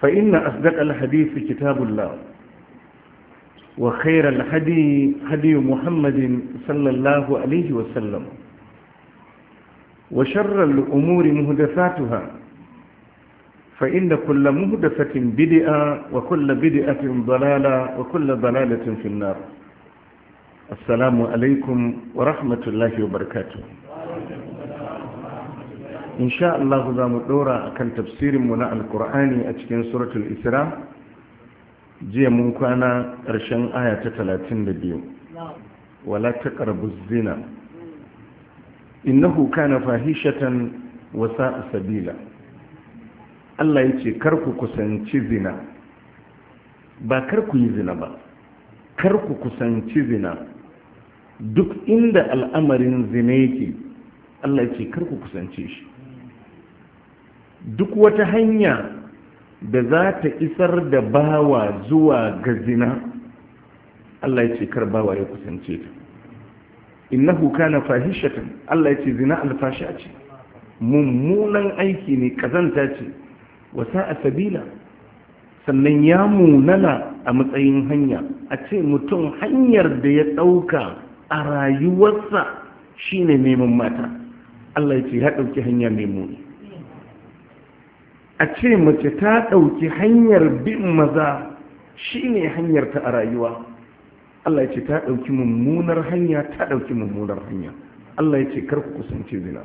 فإن أصدق الحديث كتاب الله وخير الهدي هدي محمد صلى الله عليه وسلم وشر الأمور مهدفاتها فإن كل مهدفة بدئة وكل بدئة ضلالة وكل ضلالة في النار السلام عليكم ورحمة الله وبركاته in sha Allah za mu ɗora a kan tafsirinmu na alkur'ani a cikin suratul isra jiya mun kwana ƙarshen aya ta talatin da biyu wala ta ƙarbu zina innahu kana fahishatan wasa a sabila Allah ya ce karku kusanci zina ba karku yi zina ba karku kusanci zina duk inda al'amarin zina yake Allah ya ce karku kusance shi duk wata hanya da za ta isar da bawa zuwa ga zina Allah ya ce kar bawa ya kusance ta innahu kana fahishatan Allah ya ce zina alfasha ce mummunan aiki ne kazanta ce wasa a sabila sannan ya munana a matsayin hanya a ce mutum hanyar da ya ɗauka a rayuwarsa shine neman mata Allah ya ce ya ɗauki hanya mai muni a ce mace ta ɗauki hanyar bin maza shine hanyar ta a rayuwa Allah ya ce ta ɗauki mummunar hanya ta ɗauki mummunar hanya Allah ya ce kar ku kusanci zina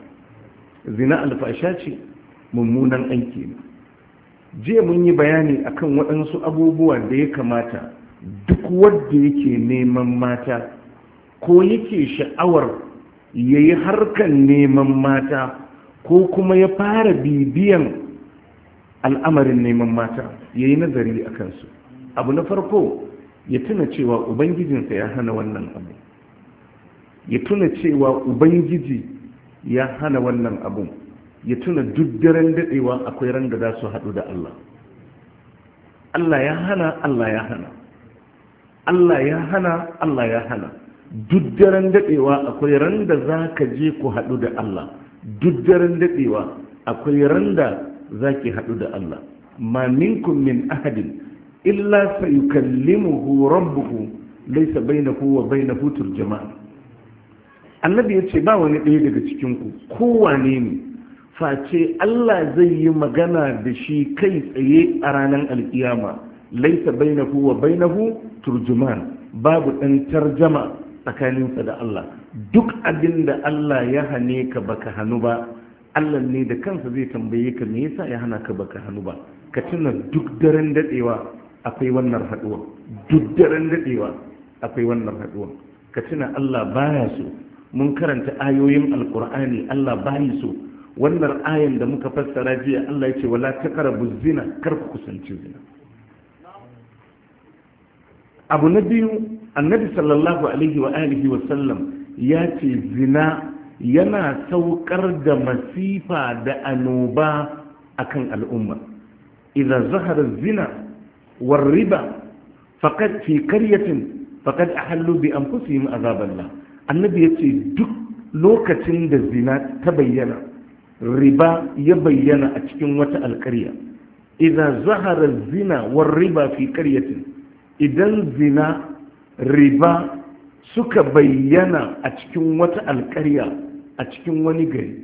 zina alfasha ce mummunan aiki ne je mun yi bayani akan waɗansu abubuwa da ya kamata duk wanda yake neman mata ko yake sha'awar ya yi harkar neman mata ko kuma ya fara bibiyan al'amarin neman mata ya yi nazari a kansu abu na farko ya tuna cewa ubangijinsa ya hana wannan abu ya tuna cewa ubangiji ya hana wannan abu. ya tuna duk daren daɗewa akwai ran da za su haɗu da Allah Allah ya hana Allah ya hana Allah ya hana Allah ya hana duk daren daɗewa akwai ran da za ka je ku haɗu da Allah duk daren daɗewa akwai ran da zaki haɗu da Allah ma minkum min ahadin illa sayukallimuhu rabbuhu laysa bainahu wa bainahu turjama annabi yace ba wani ɗaya daga cikin ku ne ne face Allah zai yi magana da shi kai tsaye a ranar alkiyama laysa bainahu wa bainahu turjuman babu ɗan tarjama tsakaninsa da Allah duk abin da Allah ya hane ka baka hannu ba Allah ne da kansa zai tambaye ka me yasa ya hana ka baka hannu ba ka tuna duk daren dadewa akwai wannan haduwa duk daren dadewa akwai wannan haduwa ka tuna Allah baya so mun karanta ayoyin alqur'ani Allah baya so wannan ayan da muka fassara jiya Allah ya ce wala taqrabu zina kar ku kusanci zina abu na biyu annabi sallallahu alaihi wa alihi wa sallam ya ce zina yana saukar da masifa da annoba kan al'umma idan zahar zina war riba faqad fi qaryatin faqad ahallu bi anfusihim azaballah annabi ya ce duk lokacin da zina ta bayyana riba ya bayyana a cikin wata alƙarya idan zahar zina war riba fi qaryatin idan zina riba suka bayyana a cikin wata alƙarya a cikin wani gari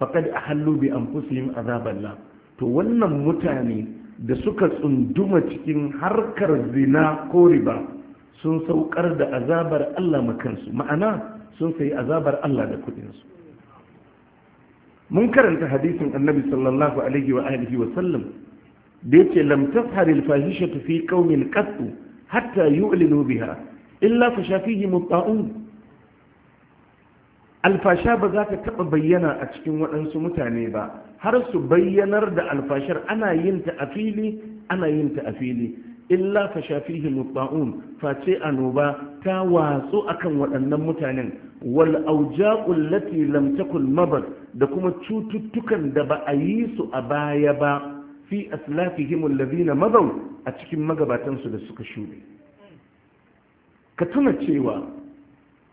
faƙad a hallo bi an fusilin azaballa, to wannan mutane da suka tsunduma cikin harkar zina ko riba sun saukar da azabar Allah makansu ma'ana sun sayi azabar Allah da kudinsu mun karanta hadisin annabi sallallahu alaihi wa alihi wa sallam da yake lam tashhari al-fahishatu fi qaumin qattu hatta yu'linu biha illa fashafihi mutta'un alfasha ba za ta taɓa bayyana a cikin waɗansu mutane ba har su bayyanar da alfashar ana yin ta a fili ana yin ta a fili illa fa shafihi mutta'un face annoba ta watsu akan waɗannan mutanen wal auja'ul lati lam takul mabad da kuma cututtukan da ba a yi su a baya ba fi aslafihim alladhina mabaw a cikin magabatansu da suka shuɗe ka tuna cewa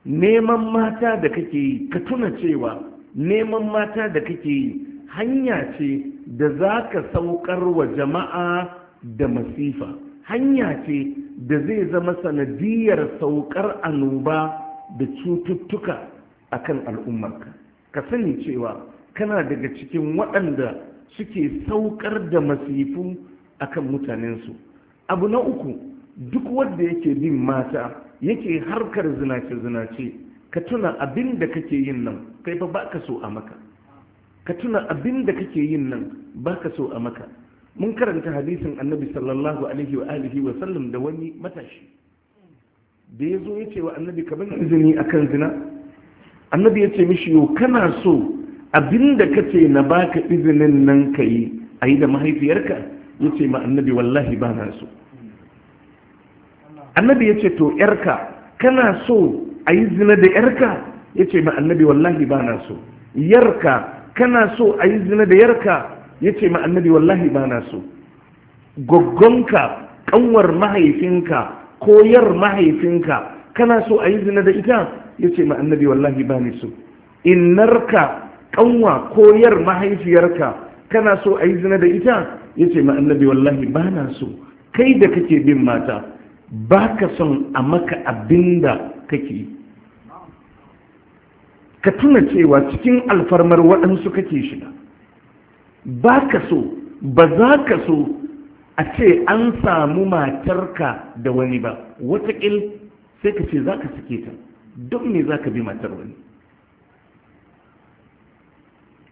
neman mata da kake yi ka tuna cewa neman mata da kake yi hanya ce da za ka saukar wa jama'a da masifa hanya ce da zai zama sanadiyar saukar annoba da cututtuka a kan al'ummarka ka sani cewa kana daga cikin waɗanda suke saukar da masifu a kan mutanensu abu na uku duk wanda yake bin mata yake harkar zinace-zinace ka tuna abin da kake yin nan kai fa ba ka so a maka ka tuna abin da kake yin nan ba ka so a maka mun karanta hadisin annabi sallallahu alaihi wa alihi wa sallam da wani matashi da ya zo ya ce wa annabi ka bani izini akan zina annabi ya ce mishi yau kana so abin da kace na baka izinin nan ka yi a yi da mahaifiyarka ya ce ma annabi wallahi ba na so annabi ya ce to yarka kana so a yi zina da yarka ya ce ma annabi wallahi ba na so yarka kana so a yi zina da yarka ya ce ma annabi wallahi ba na so goggonka kanwar mahaifinka koyar mahaifinka kana so a yi zina da ita ya ce ma annabi wallahi ba ni so innarka kanwa koyar mahaifiyarka kana so a yi zina da ita ya ce ma annabi wallahi ba na so kai da kake bin mata ba ka son a maka abin da kake ka tuna cewa cikin alfarmar waɗansu kake shiga ba ka so ba za ka so a ce an samu matarka da wani ba watakil sai ka ce za ka suke ta don me za ka bi matar wani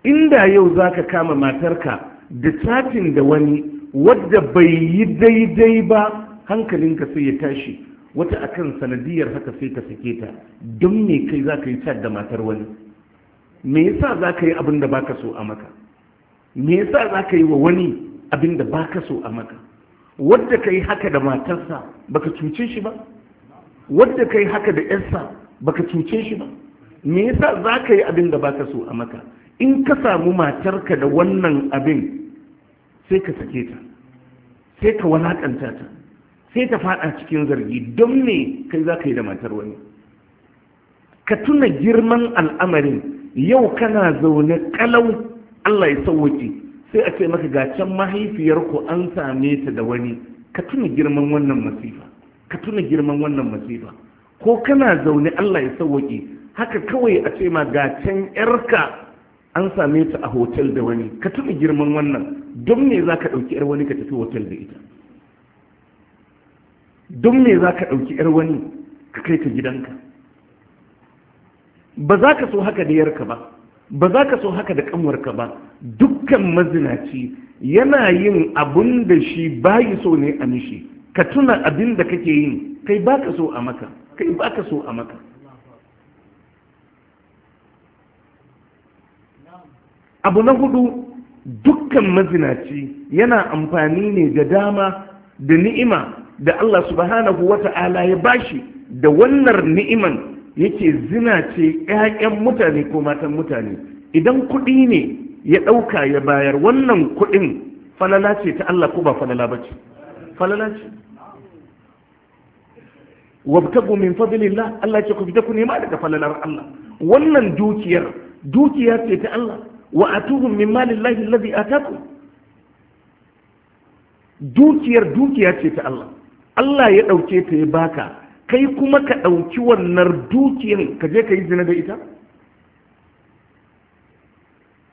inda yau za ka kama matarka da catin da wani wadda bai yi daidai ba hankalinka sai ya tashi wata akan sanadiyar haka sai ka sake ta don me kai za ka yi cad da matar wani me yasa za ka yi abin da baka so a maka me yasa za ka yi wa wani abin da baka so a maka wadda ka yi haka da matarsa baka cuce shi ba wadda ka yi haka da yarsa baka cuce shi ba me yasa za ka yi abin da baka so a maka in ka samu matarka da wannan abin sai ka sake ta sai ka walakanta ta sai ta fada cikin zargi don me kai za ka yi da matar wani ka tuna girman al'amarin yau kana zaune kalau Allah ya sauwaki sai a ce maka gacen mahaifiyarku an same ta da wani ka tuna girman wannan masifa ka tuna girman wannan masifa ko kana zaune Allah ya sauwaki haka kawai a ce ma gacen yarka an same ta a hotel da wani ka tuna girman wannan don me za ka ɗauki yar wani ka tafi hotel da ita don me za ka ɗauki 'yar wani ka kai ta gidanka ba za ka so haka da yarka ba ba za ka so haka da kanwarka ba dukkan mazinaci yana yin abun da shi bayi so ne a mishi ka tuna abin da kake yi kai ba ka so a maka kai ba ka so a maka abu na hudu dukkan mazinaci yana amfani ne da dama da ni'ima da Allah subhanahu wata'ala ya bashi da wannan ni'iman yake zinace ƴaƴan mutane ko matan mutane idan kuɗi ne ya ɗauka ya bayar wannan kuɗin falala ce ta Allah ko ba falala ba ce falala ce wabtagu min fadlillah Allah ce ku fita ku nema daga falalar Allah wannan dukiyar dukiya ce ta Allah wa atuhum min malillahi alladhi atakum dukiyar dukiya ce ta Allah Allah ya ɗauke ta ya baka kai kuma ka ɗauki wannan dukiyar ka je ka yi zina da ita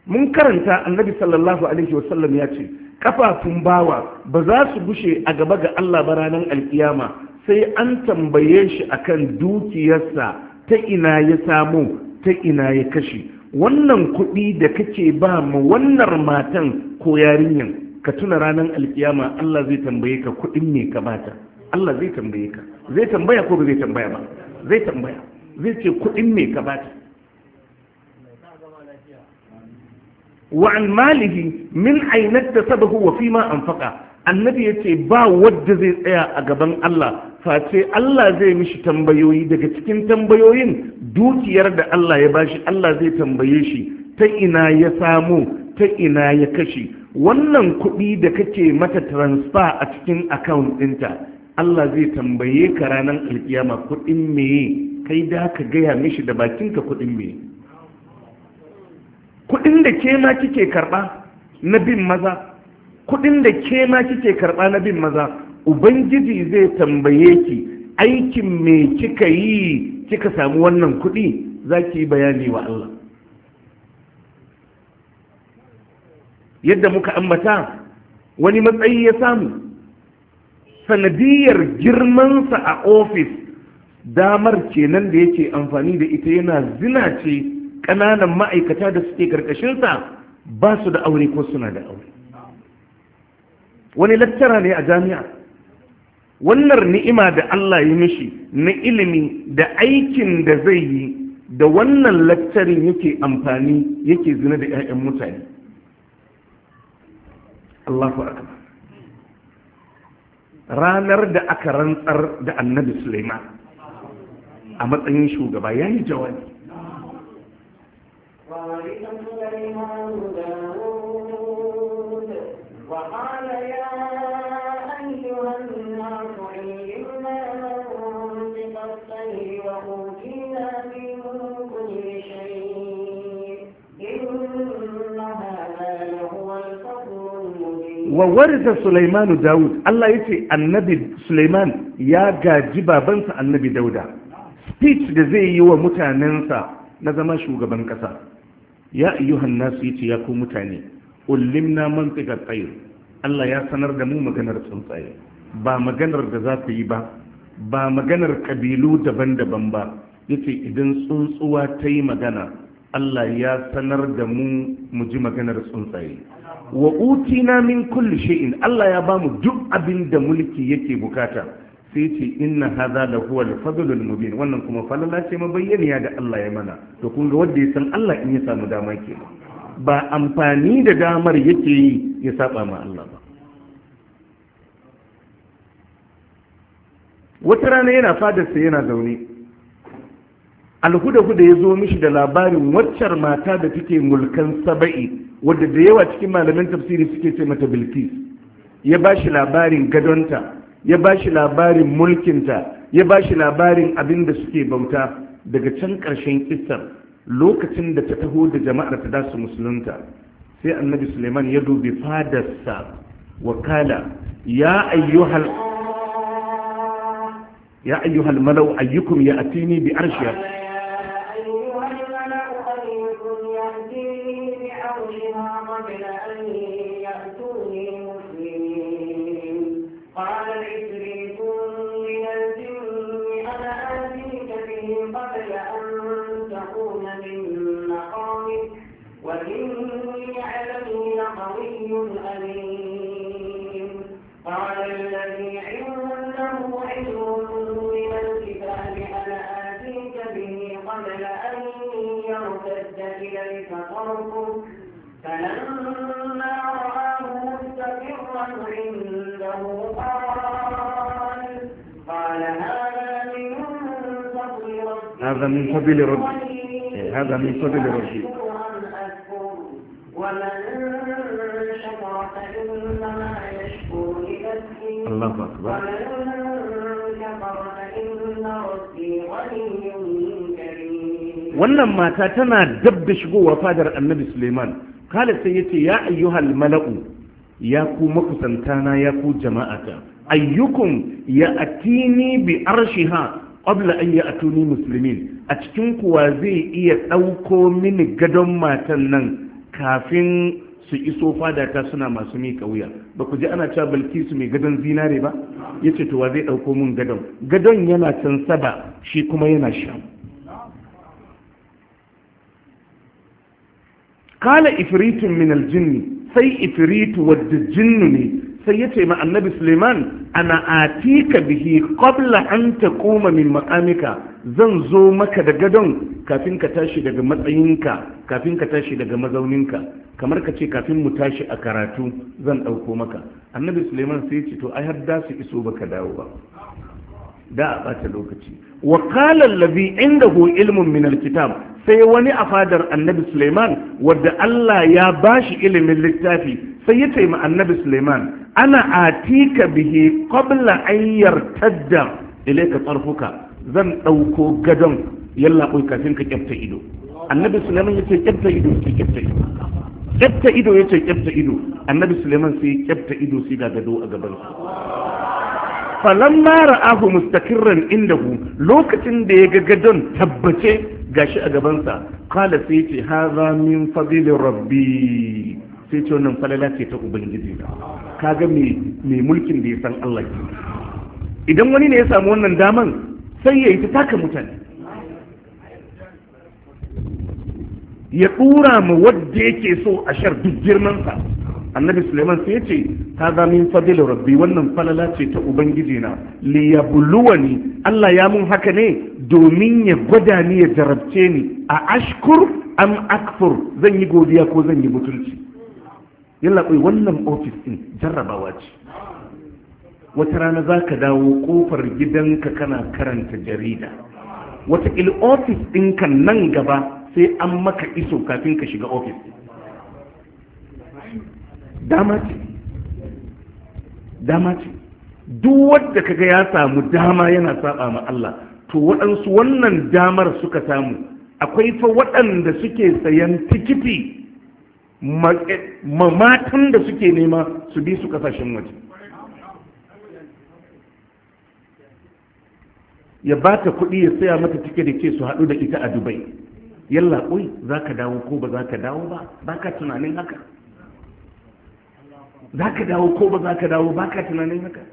mun karanta annabi sallallahu alaihi wasallam ya ce kafafun bawa ba za su gushe a gaba ga Allah ba ranar alkiyama sai an tambaye shi akan dukiyarsa ta ina ya samu ta ina ya kashe wannan kuɗi da kake ba mu wannan matan ko yarinyan ka tuna ranar alkiyama Allah zai tambaye ka kuɗin ne ka bata Allah zai tambaye ka zai tambaya ko ba zai tambaya ba zai tambaya zai ce kuɗin me ka bata wa an malihi min ainat tasabahu wa fima anfaqa annabi yace ba wanda zai tsaya a gaban Allah face Allah zai mishi tambayoyi daga cikin tambayoyin dukiyar da Allah ya bashi Allah zai tambaye shi ta ina ya samu ta ina ya kashi? wannan kuɗi da kake mata transfer a cikin account ɗinta Allah zai tambaye ka ranar alkiyama kuɗin meye kai da ka gaya mishi da bakinka kuɗin meye Kuɗin da ke ma kike karɓa na bin maza kuɗin da ke ma kike karɓa na bin maza ubangiji zai tambaye ki aikin me kika yi kika samu wannan kuɗi? za ki yi bayani wa Allah yadda muka ambata wani matsayi ya samu sanadiyar girmansa a ofis damar kenan da yake amfani da ita yana zina ce ƙananan ma'aikata da suke ƙarƙashinsa ba su da aure ko suna da aure wani lattara ne a jami'a wannan ni'ima da Allah ya mishi na ilimi da aikin da zai yi da wannan lattarin yake amfani yake zina da 'ya'yan mutane Allahu akbar ranar da aka rantsar da annabi suleiman a matsayin shugaba ya yi jawabi wa warisa Sulaimanu Dawud Allah yace annabi Sulaiman ya gaji babansa annabi Dauda speech da zai yi wa mutanensa na zama shugaban ƙasa, ya ayyuhan nasu yace ya ku mutane ullimna mantiqat tsayi Allah ya sanar da mu maganar tsuntsaye ba maganar da za ku yi ba ba maganar kabilu daban-daban ba yace idan tsuntsuwa ta yi magana Allah ya sanar da mu mu ji maganar tsuntsaye wa utina min kulli shay'in Allah ya bamu duk abin da mulki yake bukata sai ce inna hadha la huwa al al mubin wannan kuma falala ce mabayyaniya da Allah ya mana to kun ga wanda ya san Allah in ya samu dama ke ba amfani da damar yake yi ya saba ma Allah ba wata rana yana fadarsa yana zaune alhuda-huda ya zo mishi da labarin waccar mata da take mulkan saba'i wadda da yawa cikin malaman tafsiri suke ce mata bilkis ya ba shi labarin gadonta ya ba shi labarin mulkinta ya ba shi labarin abin da suke bauta daga can ƙarshen kisar lokacin da ta taho da jama'ar ta dasu musulunta sai annabi suleiman ya dubi fadarsa wakala ya ayyuhal ya ayyuhal malau ayyukum ya atini bi arshiya رآه عنده قال قال هذا من فضل ربي هذا من فضل ربي إيه، هذا من فضل ربي شكر فإنما الله أكبر ومن كفر فإن ربي فادر كريم سليمان kala sai yace ya ayyuhal mala'u ya ku makusantana ya ku jama'ata ayyukum ya atini bi arshiha qabla an ya'tuni muslimin a cikin kuwa zai iya ɗauko mini gadon matan nan kafin su iso fada ta suna masu miƙa wuya ba ku ji ana cewa balkisu mai gadon zinare ba yace to wa zai ɗauko min gadon gadon yana can saba shi kuma yana sham kala ifiritin min aljinni sai ifiritu wadda jinnu ne sai ya ce ma annabi suleiman ana atika bihi qabla an taquma min maqamika zan zo maka da gadon kafin ka tashi daga matsayinka kafin ka tashi daga mazauninka kamar ka ce kafin mu tashi a karatu zan ɗauko maka annabi suleiman sai ya ce to ai har da su iso baka dawo ba da a ɓata lokaci wa qala allazi indahu ilmin minar alkitab sai wani a fadar annabi Suleiman wadda Allah ya bashi ilimin littafi sai ya ce ma annabi Suleiman ana atika bihi qabla an yartadda ilayka tsarfuka zan ɗauko gadon yalla kai kafin ka kyafta ido annabi Suleiman ya ce kyafta ido ce kyafta ido kyafta ido ya ce kyafta ido annabi Suleiman sai kyafta ido sai ga gado a gaban falamma ra'ahu mustaqirran indahu lokacin da ya ga gadon tabbace gashi a gabansa qala sai ce hadha min fadli rabbi sai ce wannan falala ce ta ubangiji kaga me me mulkin da ya san Allah ke idan wani ne ya samu wannan daman sai ya yi ta taka mutane ya dura ma wadda yake so a shar duk girman sa annabi suleiman sai ce ta za min fadil rabbi wannan falala ce ta ubangiji na li buluwani. Allah ya mun haka ne domin ya gwada ni ya jarabce ni a ashkur am akfur zan yi godiya ko zan yi mutunci yalla kai wannan ofis din jarrabawa ce wata rana za ka dawo kofar gidanka kana karanta jarida wata il ofis ɗinka nan gaba sai an maka iso kafin ka shiga ofis ɗin dama ce dama ce duk wadda kaga ya samu dama yana saba ma Allah to waɗansu wannan damar suka samu akwai fa waɗanda suke sayan tikiti mamatan da suke nema su bi su kasashen waje ya ba ta kuɗi ya saya mata tike da ke su haɗu da ita a dubai yalla ƙwai za ka dawo ko ba za ka dawo ba ba ka tunanin haka za ka dawo ko ba za ka dawo ba ka tunanin haka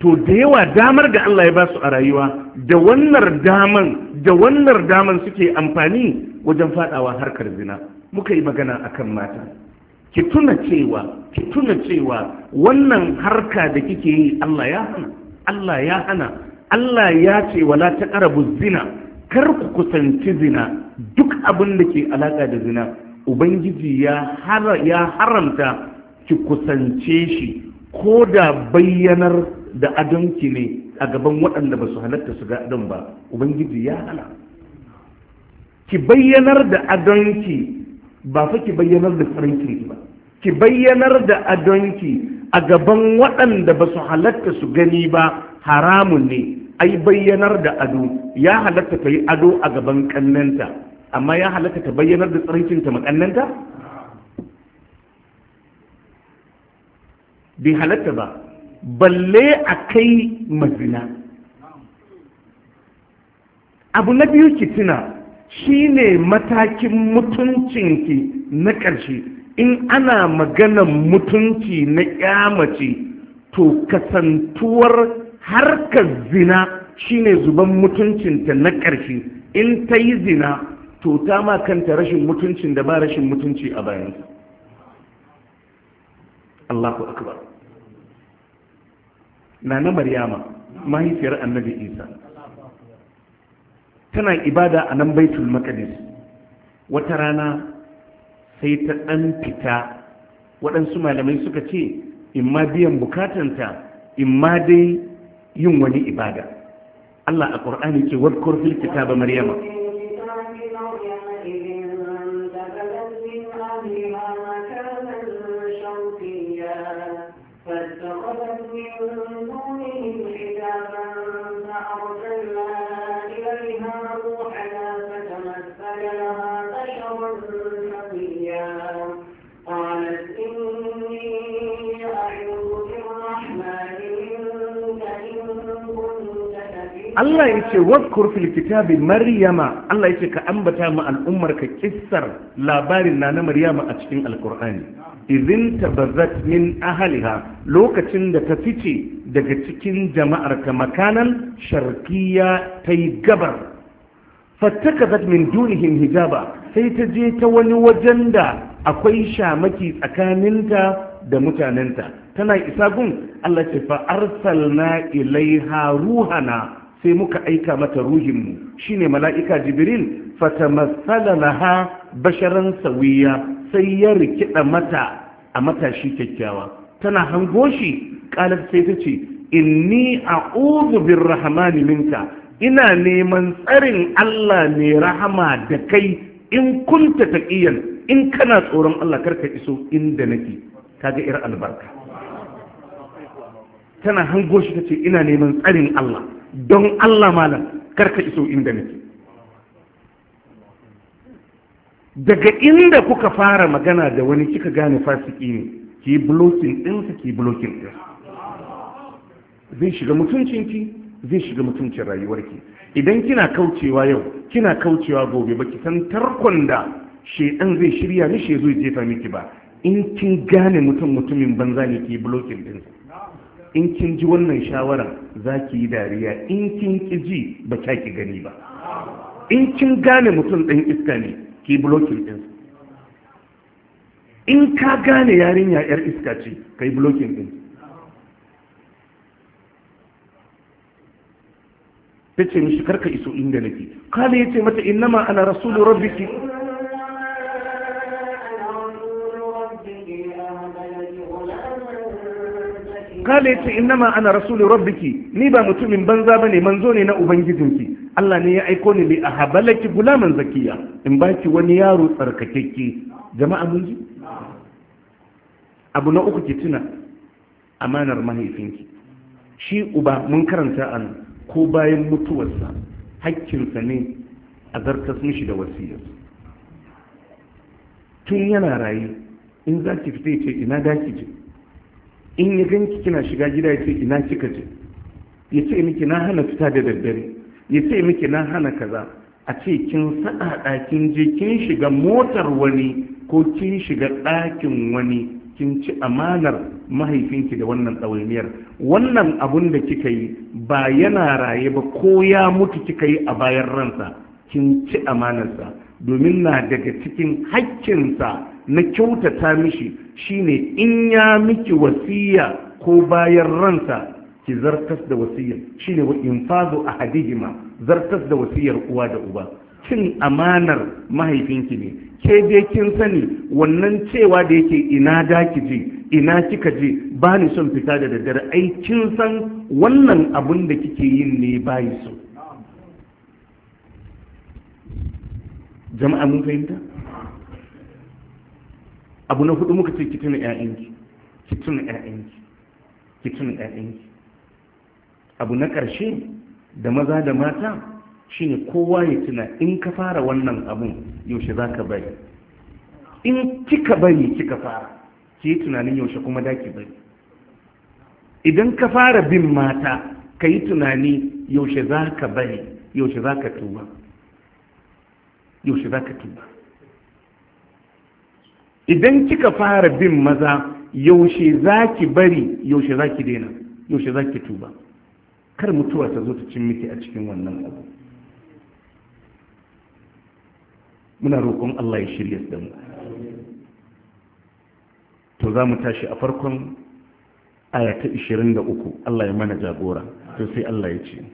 to da yawa damar da Allah ya ba su a rayuwa da wannan daman da wannan daman suke amfani wajen fadawa harkar zina muka yi magana akan mata ki tuna cewa ki tuna cewa wannan harka da kike yi Allah ya hana Allah ya hana Allah ya ce wala taqrabu zina kar ku kusanci zina duk abin da ke alaƙa da zina ubangiji ya haramta ki kusance shi ko da bayyanar da adonki ne a gaban waɗanda ba su halatta su ga adon ba ubangiji ya hana ki bayyanar da adonki ba fa ki bayyanar da farinki ba ki bayyanar da adonki a gaban waɗanda ba su halatta su gani ba haramun ne ai bayyanar da ado ya halatta ta yi ado a gaban kannanta amma ya halatta ta bayyanar da ta makannanta bai halatta ba balle a kai mazina abu na biyu ki tuna shine matakin mutuncinki na ƙarshe in ana maganan mutunci na ƙyamace to kasantuwar harkar zina shine zuban mutuncinta na ƙarfi in ta yi zina to ta ma kanta rashin mutuncin da ba rashin mutunci a bayansa Allahu akbar na na maryama mahaifiyar annabi isa tana ibada a nan baitul maqdis wata rana sai ta ɗan fita waɗansu malamai suka ce in ma biyan bukatanta in ma dai yin wani ibada Allah a ƙur'ani ke wadkur fil kitaba maryama Allah ya ce wadkur fil kitabi maryama Allah ya ce ka ambata ma al'ummar ka kissar labarin na na maryama a cikin alkur'ani idin tabazzat min ahliha lokacin da ta fice daga cikin jama'ar ka makanan sharqiya ta yi gabar fattakazat min dunihim hijaba sai ta je ta wani wajen da akwai shamaki tsakaninta da mutanenta tana isa gun Allah ce fa arsalna ilaiha ruhana sai muka aika mata ruhinmu shine mala'ika jibril fatamassala laha basharan sawiya sai ya rikida mata a matashi kyakkyawa tana hango shi qalat sai ta ce inni a'udhu birrahmani minka ina neman tsarin Allah ne rahama da kai in kunta taqiyan in kana tsoron Allah karka iso inda nake kaga ir albarka tana hango shi tace ina neman tsarin Allah don Allah malam karka iso inda nake daga inda kuka fara magana da wani kika gane fasiki ne ki blocking ɗinsa ki blocking ɗinsa zai shiga mutuncinki zai shiga mutuncin rayuwarki idan kina kaucewa yau kina kaucewa gobe baki san tarkon da shedan zai shirya ni shi zai jefa miki ba in kin gane mutum mutumin banza ne ki blocking din in kin ji wannan shawara za ki yi dariya in kin ki ji ba kya ki gani ba in kin gane mutum ɗan iska ne ki blokin ɗin in ka gane yarinya yar iska ce ka yi blokin ɗin ta ce mishi karka iso inda nake kala ya ce mata innama ana rasulu rabbiki kala yace innama ana rasulun rabbiki ni ba mutumin banza ba bane manzo ne na ubangijinki Allah ne ya aiko ni li ahabalaki gulaman zakiya in baki wani yaro tsarkakekke jama'a mun ji abu na uku ki tuna amanar mahaifinki shi uba mun karanta an ko bayan mutuwarsa hakkinsa ne a zartas mishi da wasiyar tun yana rayu in za ki fita ce ina daki ce in ya ganki kina shiga gida ya ce ina kika je ya ce miki na hana fita da daddare ya ce miki na hana kaza a ce kin sada ɗakin je kin shiga motar wani ko kin shiga ɗakin wani kin ci amanar mahaifinki da wannan ɗawainiyar wannan abun da kika yi ba yana raye ba ko ya mutu kika yi a bayan ransa kin ci amanarsa domin na daga cikin haƙƙinsa na kyautata mishi shine in ya miki wasiya ko bayan ransa ki zartas da wasiyar shine wa infazu ahadihima zartas da wasiyar uwa da uba cin amanar mahaifinki ne ke dai kin sani wannan cewa da yake ina da ki ji, ina kika ji? ba ni son fita da daddare ai kin san wannan abun da kike yin ne bayi so jama'a mun fahimta abu na hudu muka ce ki tuna ƴaƴanki ki tuna ƴaƴanki ki tuna ƴaƴanki abu na ƙarshe da maza da mata shine kowa ya tuna in ka fara wannan abun yaushe za ka bari in kika bari kika fara ki yi tunanin yaushe kuma da ki bari idan ka fara bin mata ka yi tunani yaushe za ka bari yaushe za ka tuba yaushe za ka tuba idan kika fara bin maza yaushe za ki bari yaushe za ki daina yaushe za ki tuba kar mutuwa ta zo ta cin miki a cikin wannan abu muna roƙon Allah ya shirya da mu to za mu tashi a farkon aya ta 23 Allah ya mana jagora to sai Allah ya ce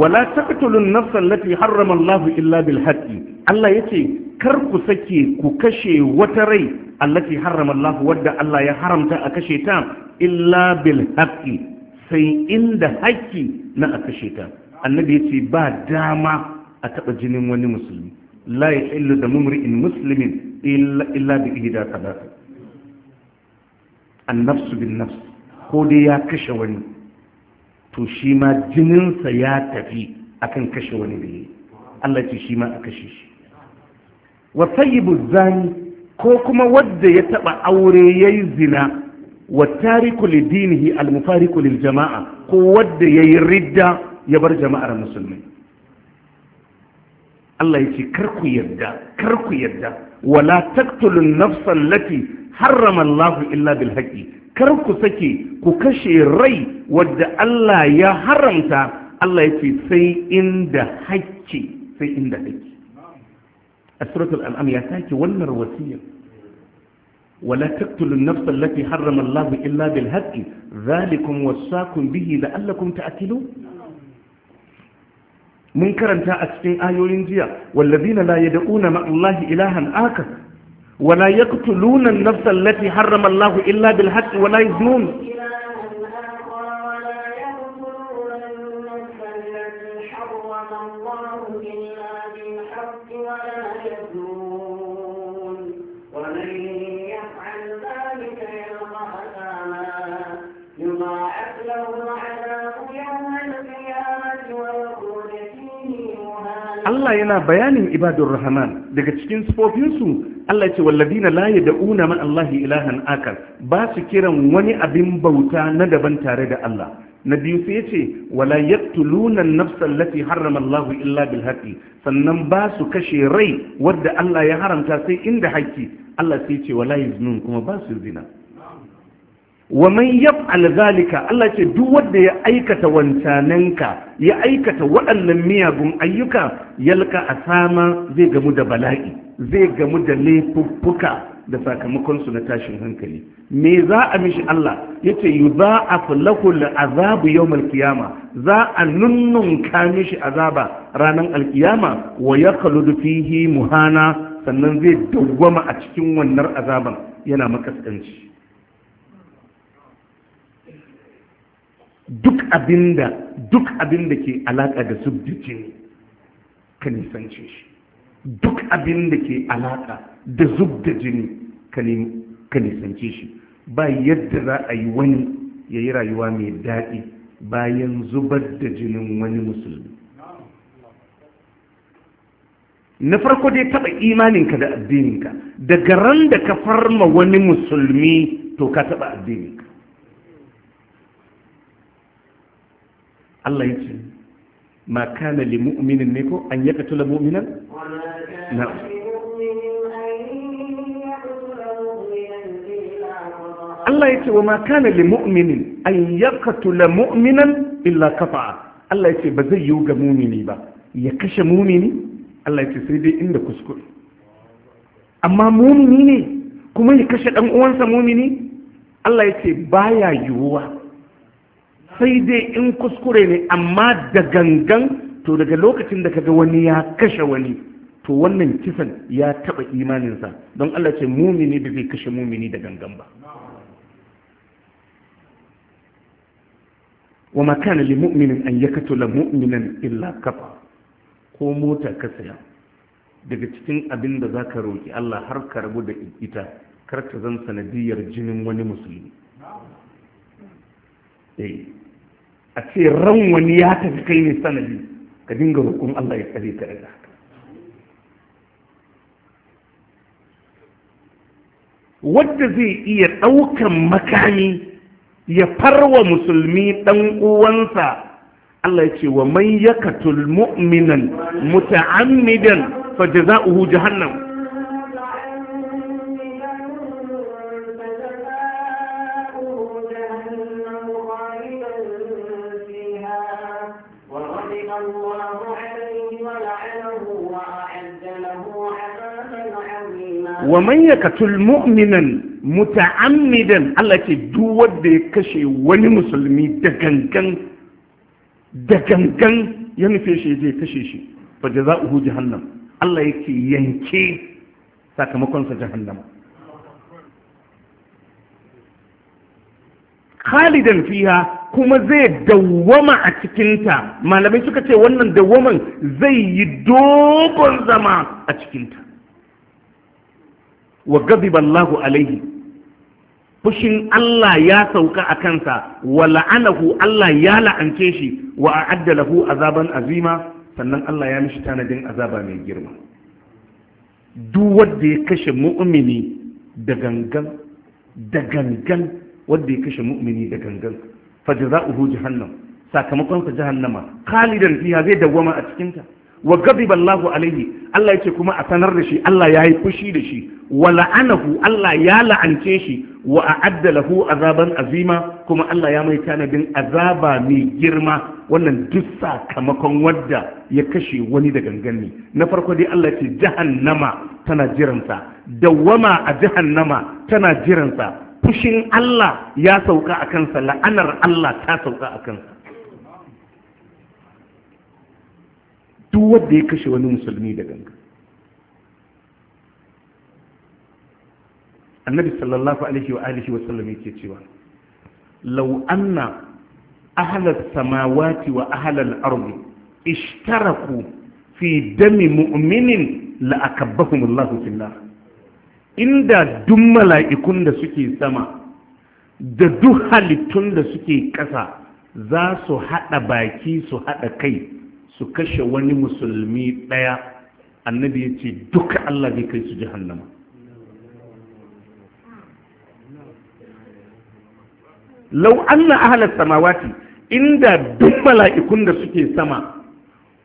wala taqtulun nafsan lati harrama Allah illa bil haqqi Allah yace kar ku sake ku kashe wata rai allati harrama Allah wadda Allah ya haramta a kashe ta illa bil haqqi sai inda haƙƙi na a kashe ta annabi yace ba dama a taba jinin wani musulmi la yahillu da mumri'in muslimin illa illa bi ihda talata an-nafsu bin nafs ko dai ya kashe wani to shi ma jininsa ya tafi akan kashe wani da yi Allah ce shi ma a kashe shi wa sayyibu zani ko kuma wadda ya taba aure yayi zina wa tariku lidinihi al-mufariqu lil jama'a ko wadda yayi ridda ya bar jama'ar musulmi Allah ya ce kar ku yarda kar ku yarda wala taqtulun nafsan lati harrama Allah illa bil haqqi kar ku sake ku kashe rai wadda Allah ya haramta Allah ya ce sai inda hacci sai inda hacci a suratul al'am ya sake wannan wasiyya wala taqtulu an-nafsa allati harrama Allahu illa bil zalikun dhalikum wasaqum bihi la'allakum ta'qilun mun karanta a cikin ayoyin jiya wallazina la yad'una ma'allahi ilahan aka? ولا يقتلون النفس التي حرم الله إلا بالحق ولا يزنون Allah yana bayanin ibadur rahman daga cikin sifofinsu Allah ya ce wallazina la yad'una ma Allahi ilahan akar ba su kiran wani abin bauta na daban tare da Allah na biyu sai ya ce wala yaqtuluna an-nafsa harrama Allah illa bil haqqi sannan ba su kashe rai wadda Allah ya haramta sai inda haƙƙi Allah sai ya ce wala yaznun kuma ba su zina wa man yaf'al zalika Allah ce duk wanda ya aikata wancananka ya aikata waɗannan miyagun ayyuka yalka sama zai gamu da bala'i zai gamu da laifuffuka da sakamakon su na tashin hankali me za a mishi Allah yace yudha'afu lahu al'azabu yawm al-qiyama za a nunnunka mishi azaba ranar alkiyama? qiyama wa yakhludu fihi muhana sannan zai dawwama a cikin wannan azaban yana makaskanci duk abinda duk abinda ke alaka da zubda jini ka nisance shi duk abinda ke alaka da da jini ka nisance shi ba yadda za a yi wani ya yi rayuwa mai daɗi bayan zubar da jinin wani musulmi na farko dai taɓa imaninka da addininka daga ran da ka farma wani musulmi to ka taɓa addininka Allah ya ce ma kana li mu'minin ne ko an yaka tula mu'minan na Allah ya ce wa ma kana li mu'minin an yaka tula mu'minan illa kafa Allah ya ce ba zai yiwu ga mumini ba ya kashe mumini Allah ya ce sai dai inda kuskure amma mumini ne kuma ya kashe dan uwansa mumini Allah ya ce baya yiwuwa sai dai in kuskure ne amma da gangan to daga lokacin da kaga wani ya kashe wani to wannan kisan ya taba imaninsa don Allah ce mumini da zai kashe mumini da gangan ba wa makana li mu'minin an la mu'minan illa kafa ko mota ka saya daga cikin abin da za ka Allah har ka rabu da ita kar ka zan sanadiyar jinin wani musulmi eh, a ce ran wani ya tafi kai ne sanadi ka dinga roƙon Allah ya tsare ka daga wadda zai iya ɗaukan makami ya farwa musulmi ɗan uwansa Allah ya ce wa man yakatul mu'minan muta'ammidan fa jaza'uhu jahannam wa man yakatul mu'minan muta'ammidan Allah ce duk wanda ya kashe wani musulmi da gangan da gangan ya nufe shi zai kashe shi fa jaza'uhu jahannam Allah yake yanke sakamakonsa sa khalidan fiha kuma zai dawwama a cikinta malamai suka ce wannan dawwaman zai yi dogon zama a cikinta wa gaziballahu alaihi fushin Allah ya sauka a kansa wa la'anahu Allah ya la'ance shi wa a'adda lahu azaban azima sannan Allah ya mishi tanadin azaba mai girma duk wanda ya kashe mu'mini da gangan da gangan wanda ya kashe mu'mini da gangan fa jaza'uhu jahannam sakamakon sa jahannama khalidan fiha zai dawwama a cikin ta wa ghadiba Allahu alaihi Allah yace kuma a sanar da shi Allah ya yi fushi da shi wa la'anahu Allah ya la'ance shi wa a'adda lahu azaban azima kuma Allah ya mai tanadin azaba mai girma wannan duk sakamakon wadda ya kashe wani da ganganni na farko dai Allah ce jahannama tana jiransa dawwama a jahannama tana jiransa fushin Allah ya sauka a kansa la'anar Allah ta sauka a kansa duk wanda ya kashe wani musulmi da ganga annabi sallallahu alaihi wa alihi wa sallam yake cewa law anna ahla samawati wa ahlal al-ardi ishtaraku fi dami mu'minin la akabbahum Allahu inda duk mala'ikun da suke sama da duk halittun da suke ƙasa za su haɗa baki su haɗa kai su kashe wani musulmi ɗaya annabi ya ce duka Allah zai kai su jahannama lau na ahalar samawati inda duk mala'ikun da suke sama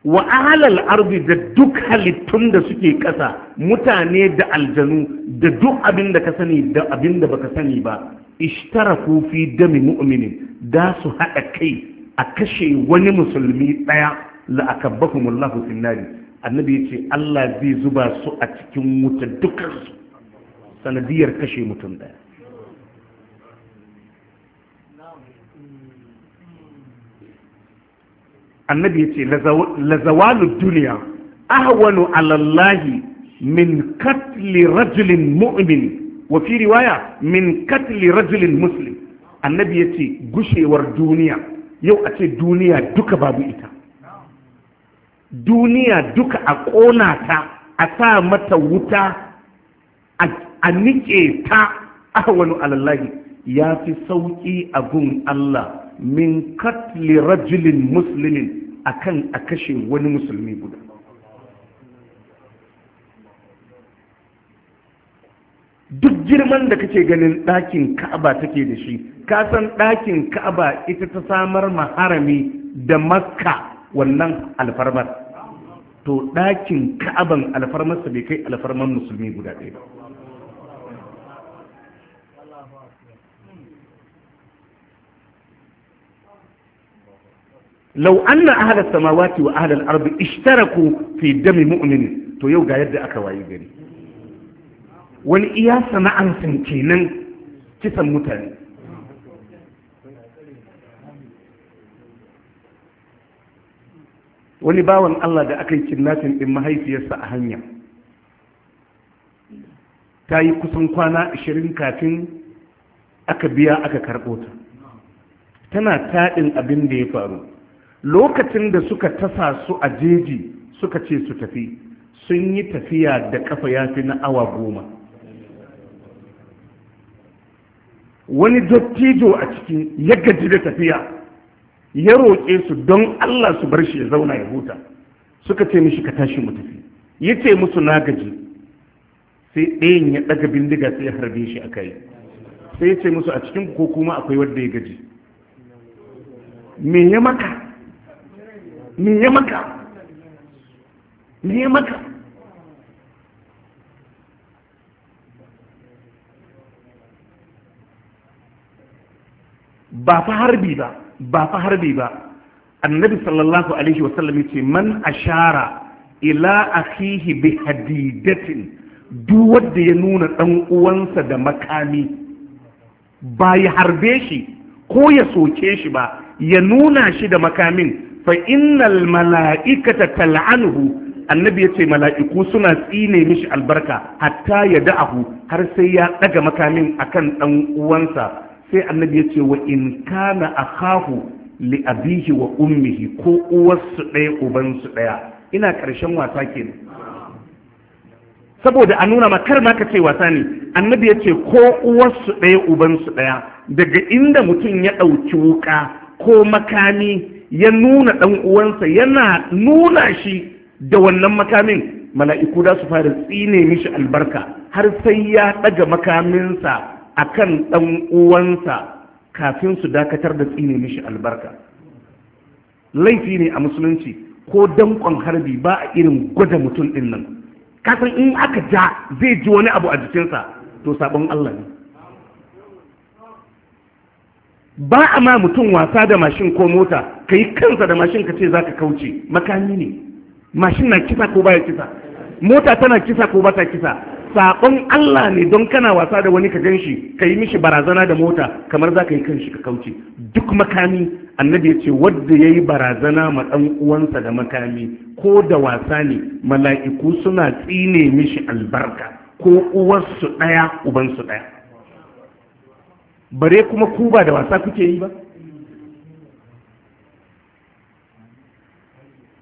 wa ahalar arzi da duk halittun da suke ƙasa mutane da aljanu da duk abin da ka sani da abin da baka sani ba ishtaraku fi dami mu'minin da su haɗa kai a kashe wani musulmi ɗaya لأكبكم الله في النار النبي يقول الله ذي زبا سوء تكون متدكر سنديير كشي متندى النبي يقول لزوال الدنيا أهون على الله من قتل رجل مؤمن وفي رواية من قتل رجل مسلم النبي يقول قشي والدنيا يو أتي الدنيا دكبا بإتام duniya duka a ƙona ta a sa mata wuta a niƙe ta wani alallahi ya fi sauƙi a Allah min katli rajulin musulmin a kan a kashe wani musulmi guda duk girman da kake ganin ɗakin ka'aba take da shi ka san ɗakin ka'aba ita ta samar maharami da makka wannan alfarmar to ɗakin ka'aban alfarmarsa bai kai alfarmar musulmi guda ɗaya ba lau anna ahla samawati wa ahla al-ardi ishtaraku fi dami mu'min to yau ga yadda aka wayi gari wani iya sana'an kenan kisan mutane wani bawan Allah da aka yi kidnapping din mahaifiyarsa a hanya ta yi kusan kwana ashirin kafin aka biya aka karɓo ta tana taɗin abin da ya faru lokacin da suka tasa su a jeji suka ce su tafi sun yi tafiya da kafa ya fi na awa goma wani dattijo a cikin ya gaji da tafiya ya roƙe su don Allah su bar shi ya zauna ya huta suka ce mishi ka tashi mu tafi ya ce musu na gaji sai ɗayan ya ɗaga bindiga sai ya harbe shi a kai sai ya ce musu a cikin ko kuma akwai wanda ya gaji me ya maka me ya maka me ya maka ba fa harbi ba ba fa harbi ba annabi sallallahu alaihi wasallam yace man ashara ila akhihi bi hadidatin duk wanda ya nuna dan uwansa da makami ba ya harbe shi ko ya soke shi ba ya nuna shi da makamin fa innal mala'ikata tal'anuhu annabi ya ce mala'iku suna tsine mishi albarka hatta ya da'ahu har sai ya ɗaga makamin akan ɗan uwansa sai annabi ya ce wa in kana akahu li abihi wa ummihi ko uwarsu ɗaya ubansu ɗaya ina ƙarshen wasa saboda a nuna kar ma ka ce wasa ne annabi ya ce ko uwarsu ɗaya ubansu ɗaya daga inda mutum ya ɗauki wuka ko makami ya nuna ɗan uwansa yana nuna shi da wannan makamin mala'iku da su fara tsine mishi albarka har sai ya ɗaga makaminsa akan ɗan uwansa kafin su dakatar da tsine mishi albarka laifi ne a musulunci ko dankon harbi ba a irin gwada mutum ɗin nan kasan in aka ja zai ji wani abu a jikinsa to sabon Allah ne ba a ma mutum wasa da mashin ko mota ka yi kansa da mashin ka ce za ka kauce makami ne mashin na kisa ko baya kisa mota tana kisa ko ba ta kisa saƙon Allah ne don kana wasa da wani ka gan shi ka yi mishi barazana da mota kamar za ka yi kan shi ka kauce duk makami annabi ya ce wadda ya yi barazana ma ɗan uwansa da makami ko da wasa ne mala'iku suna tsine mishi albarka ko uwarsu ɗaya ubansu ɗaya bare kuma ku ba da wasa kuke yi ba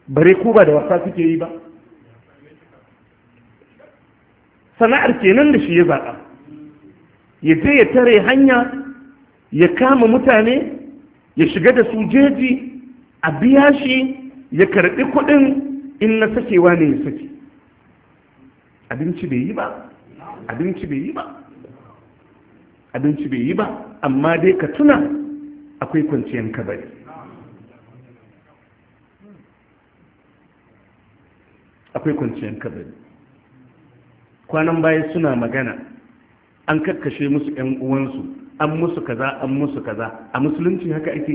bare ku ba da wasa kuke yi ba sana'ar kenan da shi ya zaɓa ya je ya tare hanya ya kama mutane ya shiga da su jeji a biya shi ya karɓi kuɗin in na sakewa ne ya sake abinci bai yi ba abinci bai yi ba abinci bai yi ba amma dai ka tuna akwai kwanciyar kabari akwai kwanciyar kabari kwanan baya suna magana an kakkashe musu yan uwansu an musu kaza an musu kaza a musulunci haka ake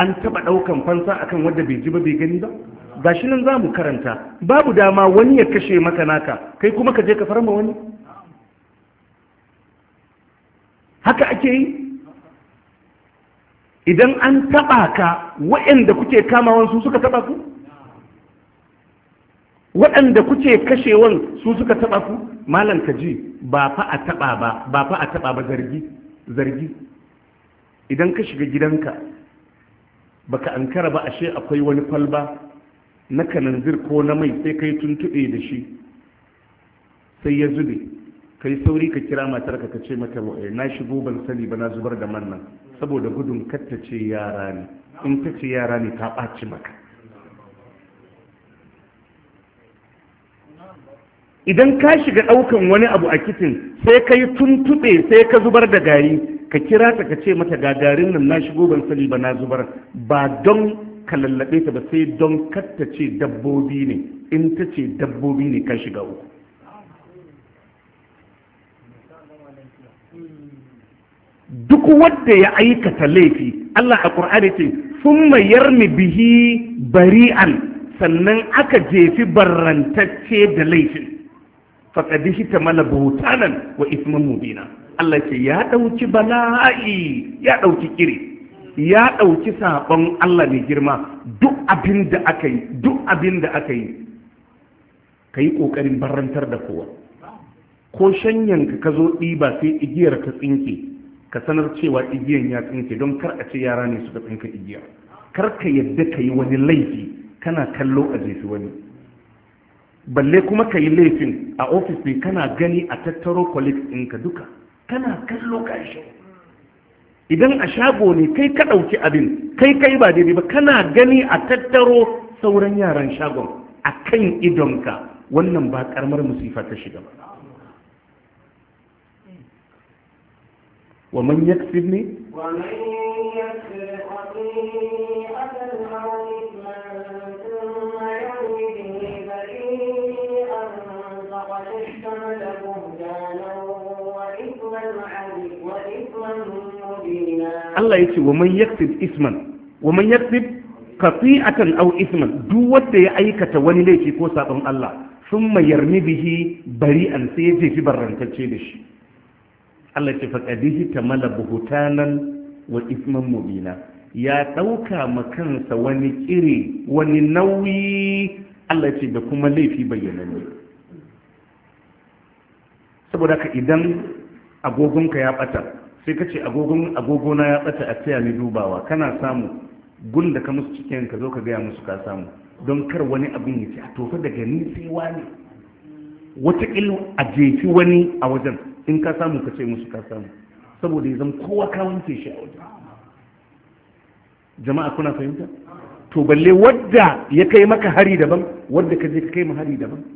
an taba daukan fansa akan wanda bai ji ba bai gani ba gashi nan zamu karanta babu dama wani ya kashe maka naka kai kuma ka je ka farma wani haka ake yi idan an taba ka wa'anda kuke kamawan su suka taba ku waɗanda kuke kashewan su suka taɓa ku malam ka ji ba fa a taɓa ba ba fa a taɓa ba zargi zargi idan ka shiga gidanka baka ankara ba ashe akwai wani kwalba na zir ko na mai sai kai tuntuɓe da shi sai ya zube kai sauri ka kira matarka ka ce mata eh, na shigo ban sani ba na zubar da man nan saboda gudun kattace yara ne in ta yara ne ta ɓaci maka idan ka shiga ɗaukan wani abu a kitin sai ka yi tuntuɓe sai ka zubar da gari ka kira ta ka ce mata gagarin nan na shigo ban sani ba na zubar ba don ka lallaɓe ta ba sai don katta ce dabbobi ne in ta ce dabbobi ne ka shiga uku duk wadda ya aikata laifi Allah a ƙur'ani ce sun mayar mi bihi bari'an sannan aka jefi barrantacce da laifin faƙadishi ta mala bautanan wa ismin mubina Allah ce ya ɗauki bala'i ya ɗauki kiri ya ɗauki saɓon Allah mai girma duk abin da aka yi duk abin da aka yi ka yi ƙoƙarin barantar da kowa ko shanyanka ka zo ɗiba sai igiyar ka tsinke ka sanar cewa igiyan ya tsinke don kar a ce yara ne suka tsinka igiyar kar ka yadda ka yi wani laifi kana kallo a jefi wani balle kuma ka yi laifin a ofis ne kana gani a tattaro colleagues ɗinka duka kana kallo ka idan a shago ne kai ka ɗauki abin kai kai ba daidai ba kana gani a tattaro sauran yaran shagon a kan idonka wannan ba karamar musifa ta shiga ba wa man yaksib ne Allah ya ce wa man yaktib isman wa man yaktib qati'atan aw isman duk wanda ya aikata wani laifi ko sabon Allah thumma yarmi bihi bari'an sai ya fi barrantacce da shi Allah ya ce qadihi tamala buhutanan wa isman mubina ya dauka ma kansa wani kiri wani nauyi Allah ya ce da kuma laifi bayyananne saboda ka idan agogonka ya bata sai ka ce agogona ya ɓata a tsaya ni dubawa kana samu gun da ka musu cikin ka zo ka gaya musu ka samu don kar wani abin ya ce a tofa daga ni sai wani wataƙil a jefi wani a wajen in ka samu ka ce musu ka samu saboda ya zama kowa ka wanke shi a wajen jama'a kuna fahimta to balle wadda ya kai maka hari daban wadda ka je ka kai ma hari daban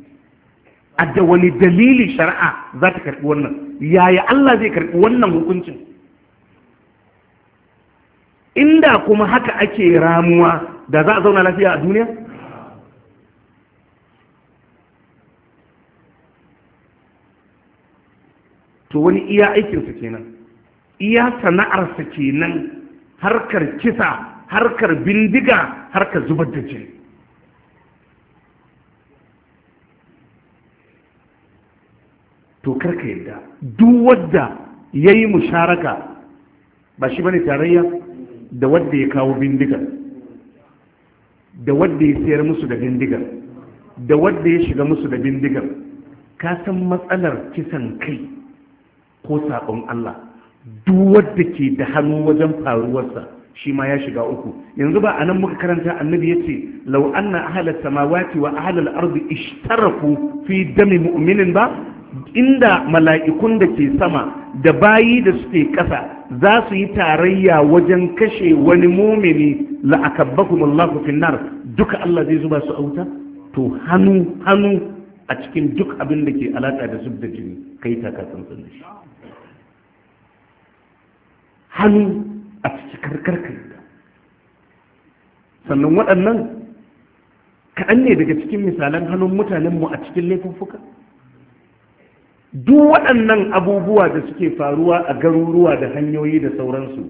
a da wani dalili shari'a za ta karɓi wannan yaya Allah zai karɓi wannan hukuncin inda kuma haka ake ramuwa da za a zauna lafiya a duniya to wani iya aikinsa kenan iya sana'arsa kenan harkar kisa harkar bindiga harkar zubar da jini to karka yadda duk wadda ya yi musharaka ba shi bane tarayya da wadda ya kawo bindigar da wadda ya sayar musu da bindigar da wadda ya shiga musu da bindigar ka san matsalar kisan kai ko saƙon Allah duk wadda ke da hannu wajen faruwarsa shi ma ya shiga uku yanzu ba a nan muka karanta annabi ya ce lau anna ahalar samawati wa ahalar arzi ishtaraku fi dami mu'minin ba inda mala'ikun da ke sama da bayi da suke ƙasa za su yi tarayya wajen kashe wani mumini la'akabbakumullahu nar duka Allah zai zuba su a wuta to hannu hannu a cikin duk abin da ke alaƙa da zubda jini kai ka san da shi hannu a cikin karkarka sannan waɗannan kaɗan ne daga cikin misalan hannun mutanenmu a cikin laifuffuka duk waɗannan abubuwa da suke faruwa a garuruwa da hanyoyi da sauransu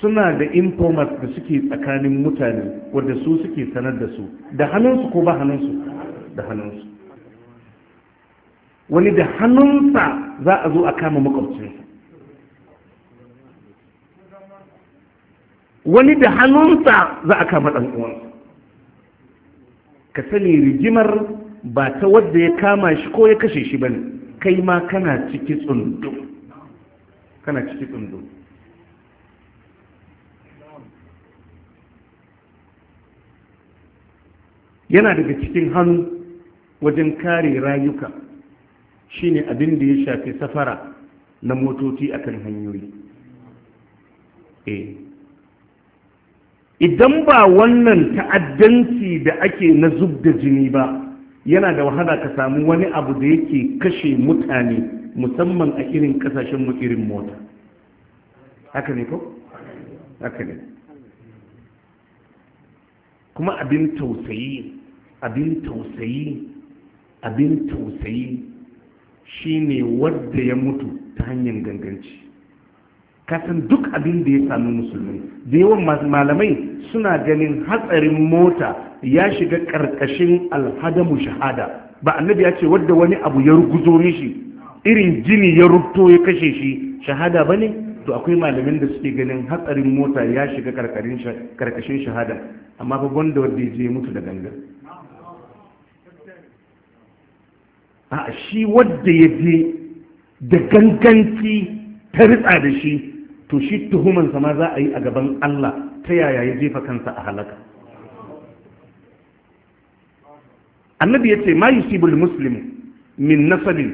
suna da informat da suke tsakanin mutane wadda su suke sanar da su da hannunsu ko ba hannunsu da hannunsu wani da hannunsa za a zo a kama makwabcinsa wani da hannunsa za a kama ɗan ka sani rigimar ba ta wadda ya kama shi ko ya kashe shi ba ne kai ma kana ciki tsundum kana ciki tsundum yana daga cikin hannu wajen kare rayuka shine abin da ya shafi safara na motoci akan hanyoyi eh. idan ba wannan ta'addanci da ake na zub da jini ba yana da wahala ka samu wani abu da yake kashe mutane musamman a irin kasashen irin mota haka ne ko haka ne kuma abin tausayi abin tausayi abin tausayi shine wadda ya mutu ta hanyar ganganci kasan duk abin da ya sami musulmi da yawan malamai suna ganin hatsarin mota ya shiga ƙarƙashin alhadamu shahada ba annabi ya ce wadda wani abu ya ruguzo mishi irin jini ya rubto ya kashe shi shahada ba ne to akwai malamin da suke ganin hatsarin mota ya shiga ƙarƙashin shahada amma ba wanda wanda ya je mutu da gangan a shi wadda ya je da ganganci ta ritsa da shi to shi tuhumansa ma za a yi a gaban Allah ta yaya ya jefa kansa a halaka annabi ya ce ma yusibul muslimu min nasabin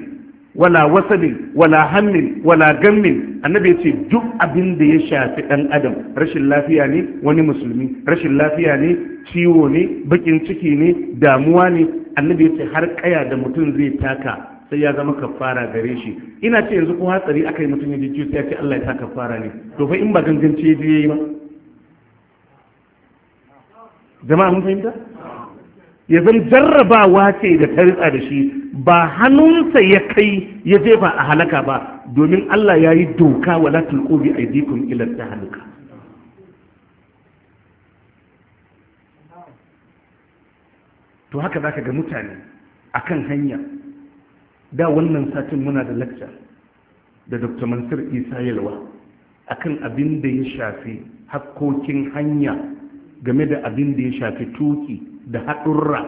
wala wasabin wala hammin wala gammin annabi ya ce duk abin da ya shafi ɗan adam rashin lafiya ne wani musulmi rashin lafiya ne ciwo ne bakin ciki ne damuwa ne annabi ya ce har kaya da mutum zai taka sai ya zama kafara gare shi ina ce yanzu ko hatsari aka yi mutum ya ji ciwo sai ya ce Allah ya taka fara ne to fa in ba ganganci ya je yayi ba jama'a mun fahimta ya zan jarrabawa ce da ta ritsa da shi ba hannunsa ya kai ya jefa a halaka ba domin Allah ya yi doka wa latin ƙobi a idikun ilar ta halaka to haka za ka ga mutane a kan hanya da wannan satin muna da lacca da dr mansur isa yalwa akan abin da ya shafi hakkokin hanya game da abin da ya shafi tuki da haɗurra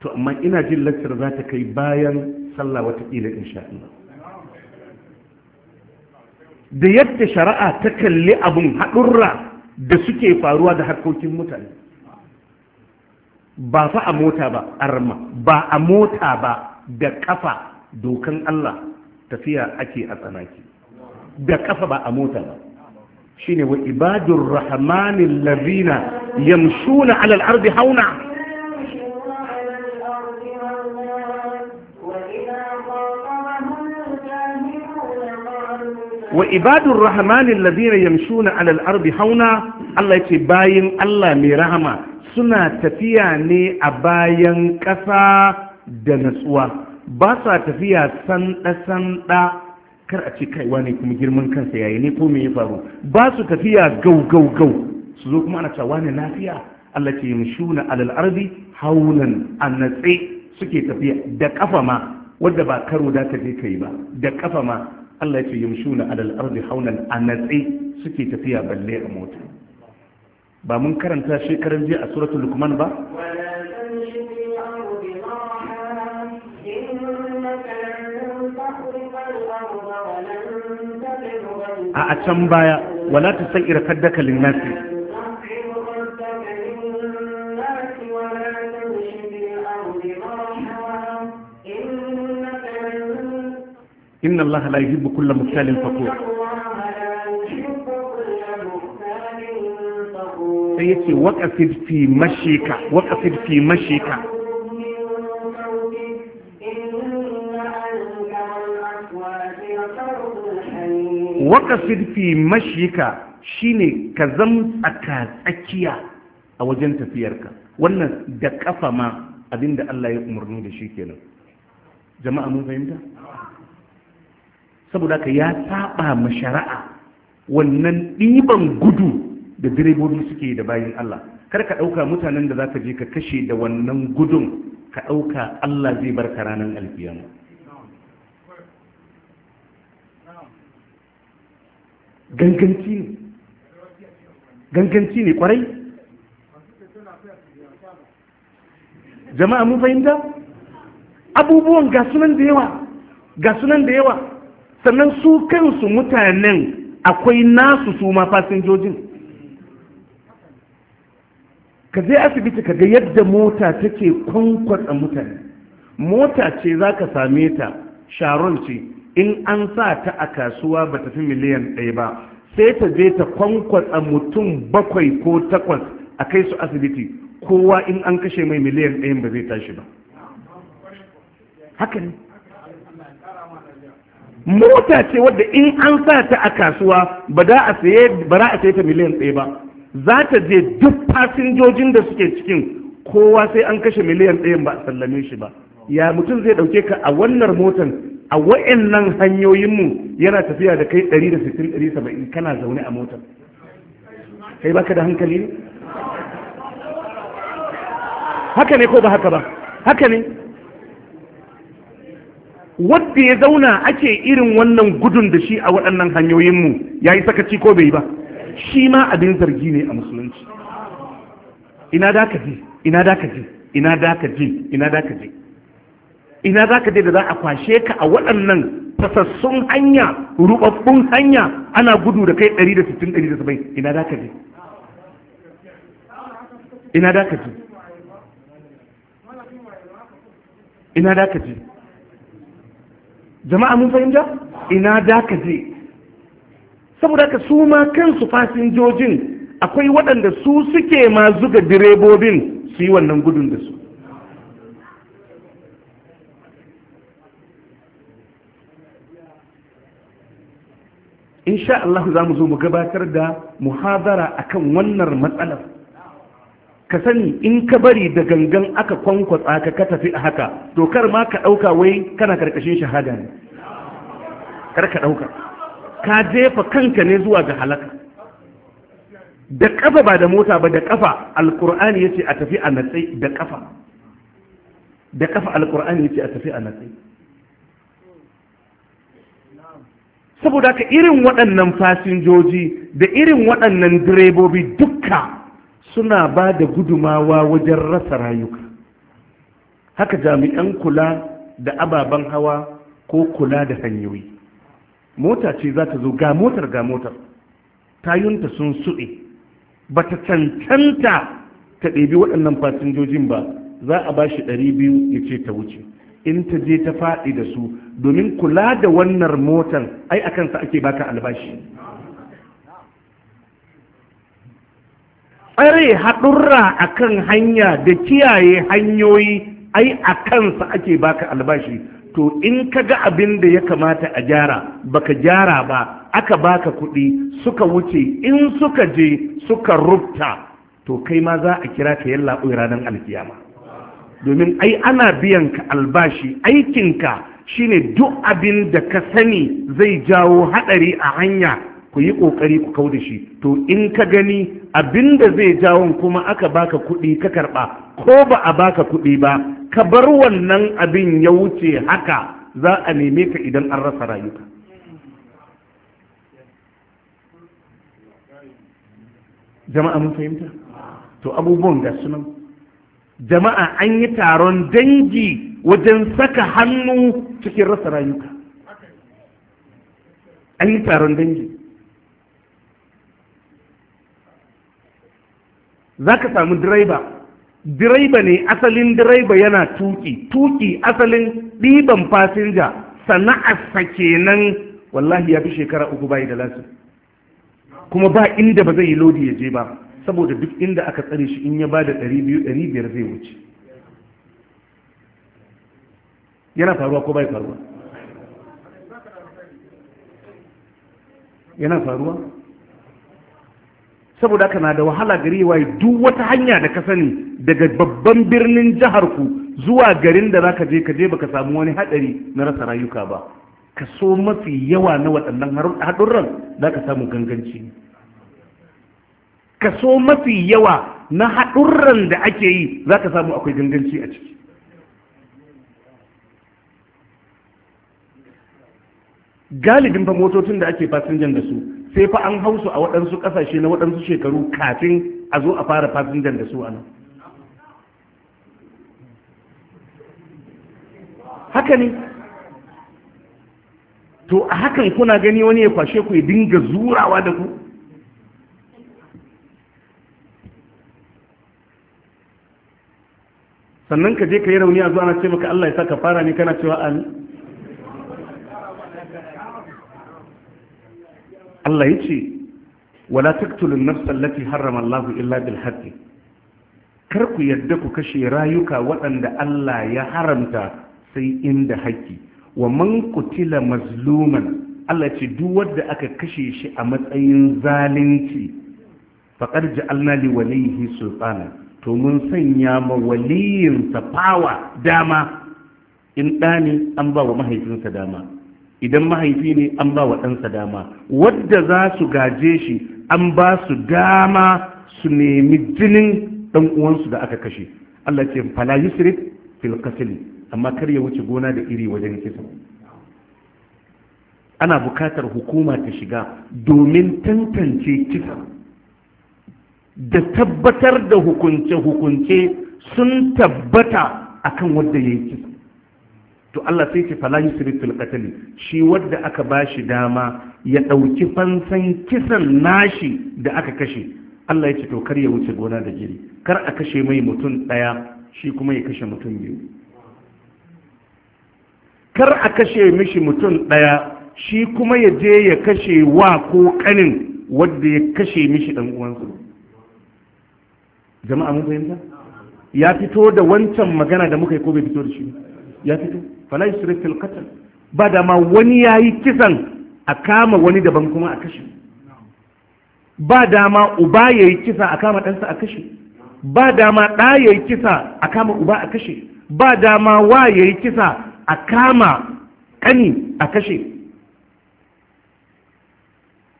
to amma ina jin lantar za ta kai bayan sallah wataƙila, insha Allah da yadda shari'a ta kalli abin haɗurra da suke faruwa da harkokin mutane ba fa a mota ba arma ba a mota ba da kafa dokan Allah tafiya ake a tsanaki da kafa ba a mota ba شيني وإباد الرحمن الذين يمشون على الأرض هونع وإباد الرحمن الذين يمشون على الأرض هونع الله يتباين الله ميرهما سنة تفياني أباين كفا دنسوا باسا تفيا سنة سنة kar a ce kaiwa ne kuma girman kansa yayi ne ko me ya faru ba su tafiya gau gau gau su zo kuma ana cewa ne lafiya Allah ce mushuna alal ardi haulan annatsi suke tafiya da kafa ma wanda ba karo da ta je kai ba da kafa ma Allah ya ce yamshuna alal ardi haulan annatsi suke tafiya balle a mota ba mun karanta shekaran jiya a suratul lukman ba a can baya wala ta san إن الله لا يحب كل مختال فخور. سيدي وقفت في مشيك وقفت في مشيك waƙasir fi mashika shine ka zam tsakiya a wajen tafiyarka wannan da ƙafa ma abin da Allah ya umarni da shi kenan jama'a mun fahimta saboda ka ya saba ma shari'a wannan ɗiban gudu da direbobi suke da bayan Allah kar ka ɗauka mutanen da za ka je ka kashe da wannan gudun ka ɗauka Allah zai barka ranar alfiyama ganganci ne ganganci ne kwarai jama'a mun fahimta abubuwan ga sunan da yawa ga sunan da yawa sannan su kansu mutanen akwai nasu su ma fasinjojin ka je asibiti ka ga yadda mota take kwankwatsa mutane mota ce za ka same ta sharon ce in an sa ta a kasuwa ba tafi miliyan ɗaya ba sai ta je ta kwankwasa mutum bakwai ko takwas a kai su asibiti kowa in an kashe mai miliyan ɗayan ba zai tashi ba haka ne mota ce wadda in an sa ta a kasuwa ba za a saye ta miliyan ɗaya ba za ta je duk fasinjojin da suke cikin kowa sai an kashe miliyan ɗayan ba a sallame shi ba ya mutum zai ɗauke ka a wannan motan a wa'annan hanyoyinmu yana tafiya da kai 160-170 kana zaune a motar kai baka da hankali ne haka ne ko ba haka ba haka ne wadda ya zauna ake irin wannan gudun da shi a waɗannan hanyoyinmu ya yi sakaci ko bai ba shi ma abin zargi ne a musulunci ina da ka ji ina da ka ji ina da ka ji ina da ka ji ina za ka je da za a kwashe ka a waɗannan tasassun hanya rubabbun hanya ana gudu da kai 160-170 ina za ka je ina za ka je ina za ka je jama'a mun fahimta ina za ka je saboda ka su ma kansu fasinjojin akwai waɗanda su suke ma zuga direbobin su yi wannan gudun da su insha Allah za mu zo mu gabatar da muhadara akan wannan matsalar ka sani in ka bari da gangan aka kwankwatsa ka ka tafi a haka to kar ma ka ɗauka wai kana karkashin shahada ne kar ka ɗauka ka jefa kanka ne zuwa ga halaka da ƙafa ba da mota ba da ƙafa alƙur'ani ya ce a tafi a natsai da ƙafa da ƙafa alƙur'ani ya ce a tafi a natsai saboda ka irin waɗannan fasinjoji da irin waɗannan direbobi dukka suna ba da gudumawa wajen rasa rayuka haka jami'an kula da ababen hawa ko kula da hanyoyi mota ce za ta zo ga motar ga motar tayunta sun suɗe ba ta cancanta ta ɗebi waɗannan fasinjojin ba za a ba shi ɗari biyu ya ce ta wuce in ta je ta faɗi da su domin kula da wannan motar ai a kansa ake baka albashi tsare haɗurra a kan hanya da kiyaye hanyoyi ai a kansa ake baka albashi to in ka ga abin da ya kamata a gyara baka gyara ba aka baka kuɗi suka wuce in suka je suka rubta to kai ma za a kira ka yalla ranar alkiyama domin ai ana biyan ka albashi aikinka shine duk abin da ka sani zai jawo haɗari a hanya ku yi ƙoƙari ku kau da shi to in ka gani abin da zai jawo kuma aka baka kuɗi ka karɓa ko ba a baka kuɗi ba ka bar wannan abin ya wuce haka za a neme ka idan an rasa rayuka jama'a mun fahimta to abubuwan gasu nan jama'a an yi taron dangi wajen saka hannu cikin rasa rayuka an yi taron dangi za ka samu direba direba ne asalin direba yana tuki tuki asalin ɗiban fasinja sana'arsa kenan wallahi ya fi shekara uku bayi da lasu kuma ba inda ba zai yi lodi ya je ba saboda duk inda aka tsare shi in ya ba da 200-500 zai wuce yana faruwa ko bai faruwa yana faruwa saboda haka da wahala gari waye duk wata hanya da ka sani daga babban birnin jihar ku zuwa garin da zaka je ka je baka samu wani hadari na rasa rayuka ba ka so mafi yawa na waɗannan haɗurran za ka samu ganganci kaso mafi yawa na haɗurran da ake yi za ka samu akwai ganganci a ciki galibin fa motocin da ake fasinjan da su sai fa an hausu a waɗansu ƙasashe na waɗansu shekaru kafin a zo a fara fasinjan da su a nan haka ne to a hakan kuna gani wani ya kwashe ku ya dinga zurawa da ku sannan ka je ka yi rauni a zuwa na ce maka Allah ya sa ka fara ne kana cewa amin Allah ya ce wala taktulun nafsan lati harrama Allah illa bil haqqi kar ku yadda ku kashe rayuka waɗanda Allah ya haramta sai inda haƙƙi wa man kutila mazluman Allah ce duk wanda aka kashe shi a matsayin zalunci faqad ja'alna li walihi sultana to mun sanya ma waliyinsa fawa dama in ɗa ne an ba wa mahaifinsa dama idan mahaifi ne an ba wa ɗansa dama wadda za su gaje shi an ba su dama su nemi jinin ɗan uwansu da aka kashe Allah ce fala yusrif fil qatl amma kar ya wuce gona da iri wajen kisa ana bukatar hukuma ta shiga domin tantance kisa da tabbatar da hukunce-hukunce sun tabbata a kan wanda ya yi to Allah sai ce falayi yusri fil shi wadda aka ba shi dama ya ɗauki fansan kisan nashi da aka kashe Allah ya ce to kar ya wuce gona da jiri kar a kashe mai mutum ɗaya, shi kuma ya kashe mutum biyu kar a kashe mishi mutum ɗaya, shi kuma ya je ya kashe wa ko ƙanin wadda ya kashe mishi dan uwansa jama'a mun fahimta ya fito da wancan magana da muka yi ko bai fito da shi ya fito fala yusrif fil qatl ba da ma wani yayi kisan a kama wani daban kuma a kashe ba ma uba yayi kisa a kama ɗansa a kashe ba ma ɗa yayi kisa a kama uba a kashe ba ma wa yayi kisa a kama ƙani a kashe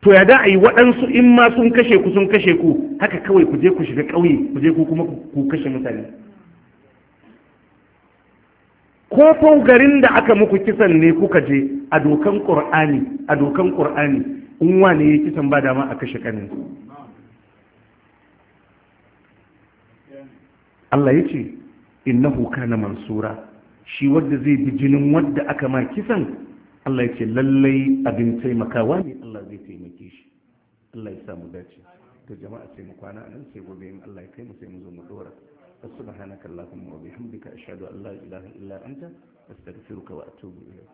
to ya da a yi waɗansu in ma sun kashe ku sun kashe ku haka kawai ku je ku shiga ƙauye ku je ku kuma ku kashe mutane ko garin da aka muku kisan ne kuka je a dokan ƙur'ani a dokan ƙur'ani in wane ya kisan ba dama a kashe kanin Allah ya ce innahu kana mansura shi wadda zai bi jinin wadda aka ma kisan Allah ya ce lallai abin taimakawa ne Allah zai taimaka Allah ya samu dace to jama'a sai mu kwana nan sai gobe in Allah ya kai mu sai mu zo mu dora subhanaka allahumma wa bihamdika ashhadu an la ilaha illa anta astaghfiruka wa atubu ilayk